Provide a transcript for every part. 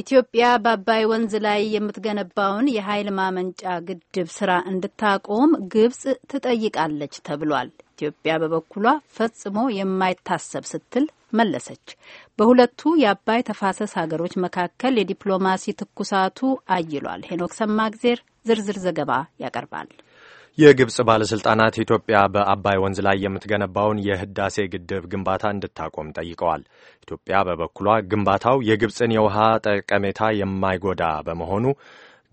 ኢትዮጵያ በአባይ ወንዝ ላይ የምትገነባውን የኃይል ማመንጫ ግድብ ስራ እንድታቆም ግብጽ ትጠይቃለች ተብሏል። ኢትዮጵያ በበኩሏ ፈጽሞ የማይታሰብ ስትል መለሰች። በሁለቱ የአባይ ተፋሰስ ሀገሮች መካከል የዲፕሎማሲ ትኩሳቱ አይሏል። ሄኖክ ሰማግዜር ዝርዝር ዘገባ ያቀርባል። የግብፅ ባለሥልጣናት ኢትዮጵያ በአባይ ወንዝ ላይ የምትገነባውን የህዳሴ ግድብ ግንባታ እንድታቆም ጠይቀዋል። ኢትዮጵያ በበኩሏ ግንባታው የግብፅን የውሃ ጠቀሜታ የማይጎዳ በመሆኑ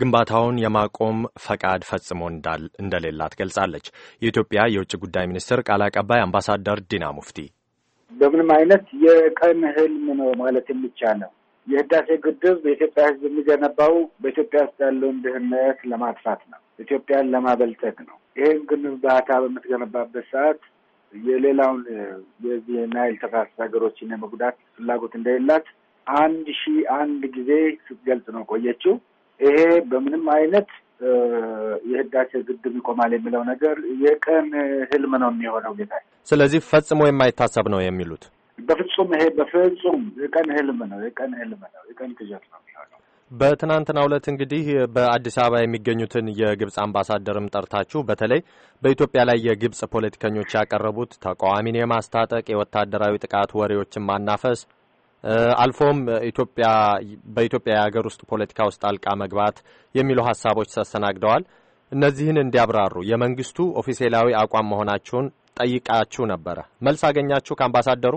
ግንባታውን የማቆም ፈቃድ ፈጽሞ እንደሌላት ገልጻለች። የኢትዮጵያ የውጭ ጉዳይ ሚኒስትር ቃል አቀባይ አምባሳደር ዲና ሙፍቲ በምንም አይነት የቀን ህልም ነው ማለት የሚቻለው የህዳሴ ግድብ በኢትዮጵያ ህዝብ የሚገነባው በኢትዮጵያ ውስጥ ያለውን ድህነት ለማጥፋት ነው። ኢትዮጵያን ለማበልጸግ ነው። ይህን ግንባታ በምትገነባበት ሰዓት የሌላውን የዚህ ናይል ተፋሰስ ሀገሮችን የመጉዳት ፍላጎት እንደሌላት አንድ ሺ አንድ ጊዜ ስትገልጽ ነው ቆየችው። ይሄ በምንም አይነት የህዳሴ ግድብ ይቆማል የሚለው ነገር የቀን ህልም ነው የሚሆነው ጌታ። ስለዚህ ፈጽሞ የማይታሰብ ነው የሚሉት በፍጹም ይሄ በፍጹም የቀን ህልም ነው፣ የቀን ህልም ነው፣ የቀን ቅዠት ነው። በትናንትናው ዕለት እንግዲህ በአዲስ አበባ የሚገኙትን የግብፅ አምባሳደርም ጠርታችሁ በተለይ በኢትዮጵያ ላይ የግብፅ ፖለቲከኞች ያቀረቡት ተቃዋሚን የማስታጠቅ የወታደራዊ ጥቃት ወሬዎችን ማናፈስ አልፎም ኢትዮጵያ በኢትዮጵያ የሀገር ውስጥ ፖለቲካ ውስጥ ጣልቃ መግባት የሚሉ ሀሳቦች ተስተናግደዋል። እነዚህን እንዲያብራሩ የመንግስቱ ኦፊሴላዊ አቋም መሆናችሁን ጠይቃችሁ ነበረ። መልስ አገኛችሁ ከአምባሳደሩ?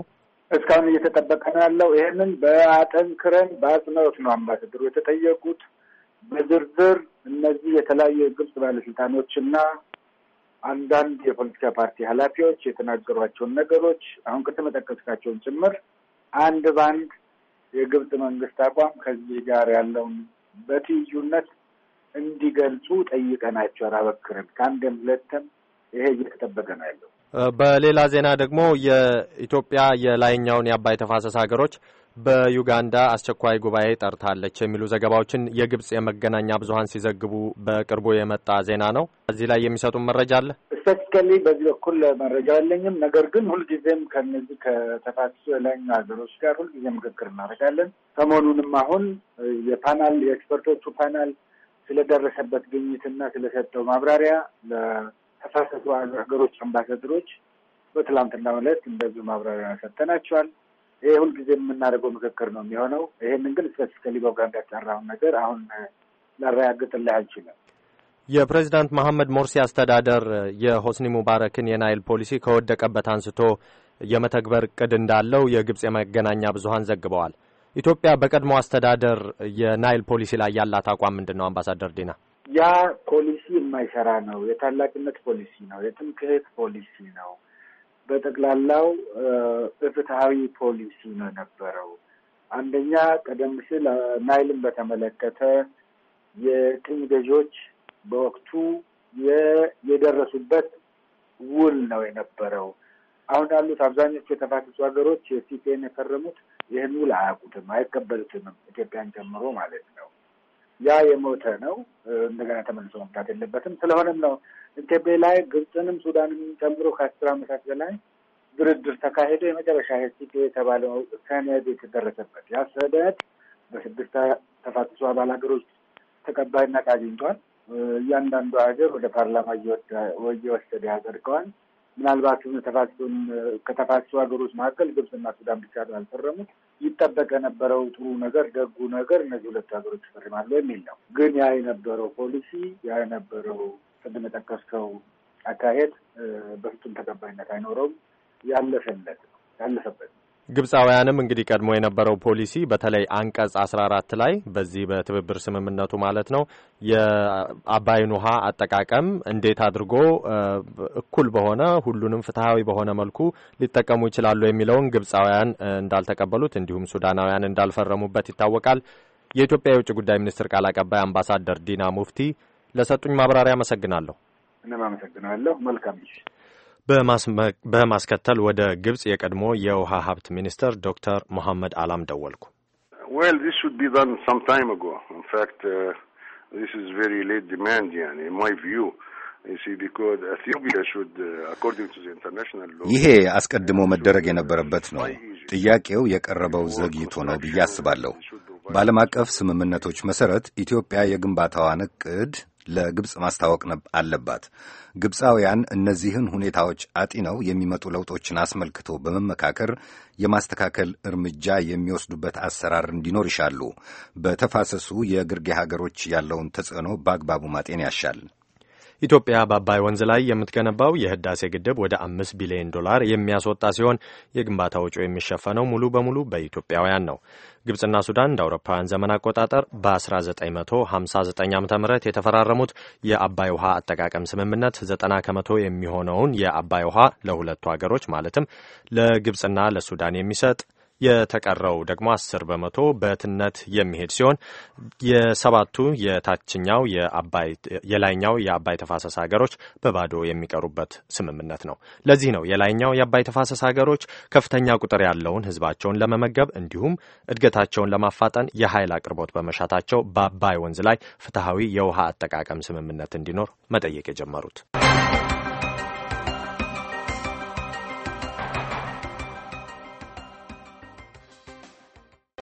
እስካሁን እየተጠበቀ ነው ያለው። ይህንን በአጠንክረን በአጽንኦት ነው አምባሳደሩ የተጠየቁት። በዝርዝር እነዚህ የተለያዩ የግብጽ ባለስልጣኖች እና አንዳንድ የፖለቲካ ፓርቲ ኃላፊዎች የተናገሯቸውን ነገሮች አሁን ቅድም የጠቀስካቸውን ጭምር አንድ ባንድ የግብጽ መንግስት አቋም ከዚህ ጋር ያለውን በትይዩነት እንዲገልጹ ጠይቀናቸው አበክረን ከአንድም ሁለትም ይሄ እየተጠበቀ ነው ያለው። በሌላ ዜና ደግሞ የኢትዮጵያ የላይኛውን የአባይ ተፋሰስ ሀገሮች በዩጋንዳ አስቸኳይ ጉባኤ ጠርታለች የሚሉ ዘገባዎችን የግብጽ የመገናኛ ብዙኃን ሲዘግቡ በቅርቡ የመጣ ዜና ነው። እዚህ ላይ የሚሰጡን መረጃ አለ? ስፔሲካሊ በዚህ በኩል መረጃ የለኝም። ነገር ግን ሁልጊዜም ከነዚህ ከተፋሰሱ የላይኛው ሀገሮች ጋር ሁልጊዜ ምክክር እናደርጋለን። ሰሞኑንም አሁን የፓናል የኤክስፐርቶቹ ፓናል ስለደረሰበት ግኝትና ስለሰጠው ማብራሪያ ተፋሰሱ ሀገሮች አምባሳደሮች በትላንትና ዕለት እንደዚሁ ማብራሪያ ሰጥተናቸዋል። ይሄ ሁልጊዜ የምናደርገው ምክክር ነው የሚሆነው። ይህንን ግን ስፔሲፊካሊ በኡጋንዳ የተሰራውን ነገር አሁን ላረጋግጥልህ አልችልም። የፕሬዚዳንት መሐመድ ሞርሲ አስተዳደር የሆስኒ ሙባረክን የናይል ፖሊሲ ከወደቀበት አንስቶ የመተግበር እቅድ እንዳለው የግብፅ የመገናኛ ብዙኃን ዘግበዋል። ኢትዮጵያ በቀድሞ አስተዳደር የናይል ፖሊሲ ላይ ያላት አቋም ምንድን ነው? አምባሳደር ዲና ያ ፖሊሲ የማይሰራ ነው። የታላቅነት ፖሊሲ ነው። የትምክህት ፖሊሲ ነው። በጠቅላላው እፍትሐዊ ፖሊሲ ነው የነበረው። አንደኛ ቀደም ሲል ናይልን በተመለከተ የቅኝ ገዢዎች በወቅቱ የደረሱበት ውል ነው የነበረው። አሁን ያሉት አብዛኞቹ የተፋሰሱ ሀገሮች የሲፒን የፈረሙት ይህን ውል አያውቁትም፣ አይቀበሉትም ኢትዮጵያን ጨምሮ ማለት ነው። ያ የሞተ ነው። እንደገና ተመልሶ መምጣት የለበትም። ስለሆነም ነው እንቴቤ ላይ ግብፅንም ሱዳንም ጨምሮ ከአስር ዓመታት በላይ ድርድር ተካሄዶ የመጨረሻ ሄሲፒ የተባለው ሰነድ የተደረሰበት ያ ሰነድ በስድስት ተፋሰሱ አባል ሀገሮች ተቀባይነት አግኝቷል። እያንዳንዱ ሀገር ወደ ፓርላማ እየወሰደ ያጸድቀዋል። ምናልባት ከተፋሰሱ ሀገሮች መካከል ግብፅና ሱዳን ብቻ ያልፈረሙት ይጠበቅ የነበረው ጥሩ ነገር ደጉ ነገር እነዚህ ሁለቱ ሀገሮች ይፈርማሉ የሚል ነው። ግን ያ የነበረው ፖሊሲ ያ የነበረው ቅድም የጠቀስከው አካሄድ በፍጹም ተቀባይነት አይኖረውም። ያለፈለት ያለፈበት ግብፃውያንም እንግዲህ ቀድሞ የነበረው ፖሊሲ በተለይ አንቀጽ 14 ላይ በዚህ በትብብር ስምምነቱ ማለት ነው የአባይን ውሃ አጠቃቀም እንዴት አድርጎ እኩል በሆነ ሁሉንም ፍትሐዊ በሆነ መልኩ ሊጠቀሙ ይችላሉ የሚለውን ግብፃውያን እንዳልተቀበሉት እንዲሁም ሱዳናውያን እንዳልፈረሙበት ይታወቃል። የኢትዮጵያ የውጭ ጉዳይ ሚኒስትር ቃል አቀባይ አምባሳደር ዲና ሙፍቲ ለሰጡኝ ማብራሪያ አመሰግናለሁ። እኔም አመሰግናለሁ። መልካም በማስከተል ወደ ግብጽ የቀድሞ የውሃ ሀብት ሚኒስትር ዶክተር መሐመድ አላም ደወልኩ። uh, uh, ይሄ አስቀድሞ መደረግ የነበረበት ነው። ጥያቄው የቀረበው ዘግይቶ ነው ብዬ አስባለሁ። በዓለም አቀፍ ስምምነቶች መሰረት ኢትዮጵያ የግንባታዋን ዕቅድ ለግብፅ ማስታወቅ አለባት። ግብፃውያን እነዚህን ሁኔታዎች አጢነው የሚመጡ ለውጦችን አስመልክቶ በመመካከር የማስተካከል እርምጃ የሚወስዱበት አሰራር እንዲኖር ይሻሉ። በተፋሰሱ የግርጌ ሀገሮች ያለውን ተጽዕኖ በአግባቡ ማጤን ያሻል። ኢትዮጵያ በአባይ ወንዝ ላይ የምትገነባው የህዳሴ ግድብ ወደ አምስት ቢሊዮን ዶላር የሚያስወጣ ሲሆን የግንባታ ወጪ የሚሸፈነው ሙሉ በሙሉ በኢትዮጵያውያን ነው። ግብፅና ሱዳን እንደ አውሮፓውያን ዘመን አቆጣጠር በ1959 ዓ ም የተፈራረሙት የአባይ ውሃ አጠቃቀም ስምምነት 90 ከመቶ የሚሆነውን የአባይ ውሃ ለሁለቱ ሀገሮች ማለትም ለግብጽና ለሱዳን የሚሰጥ የተቀረው ደግሞ አስር በመቶ በትነት የሚሄድ ሲሆን የሰባቱ የታችኛው የላይኛው የአባይ ተፋሰስ ሀገሮች በባዶ የሚቀሩበት ስምምነት ነው። ለዚህ ነው የላይኛው የአባይ ተፋሰስ ሀገሮች ከፍተኛ ቁጥር ያለውን ሕዝባቸውን ለመመገብ እንዲሁም እድገታቸውን ለማፋጠን የኃይል አቅርቦት በመሻታቸው በአባይ ወንዝ ላይ ፍትሐዊ የውሃ አጠቃቀም ስምምነት እንዲኖር መጠየቅ የጀመሩት።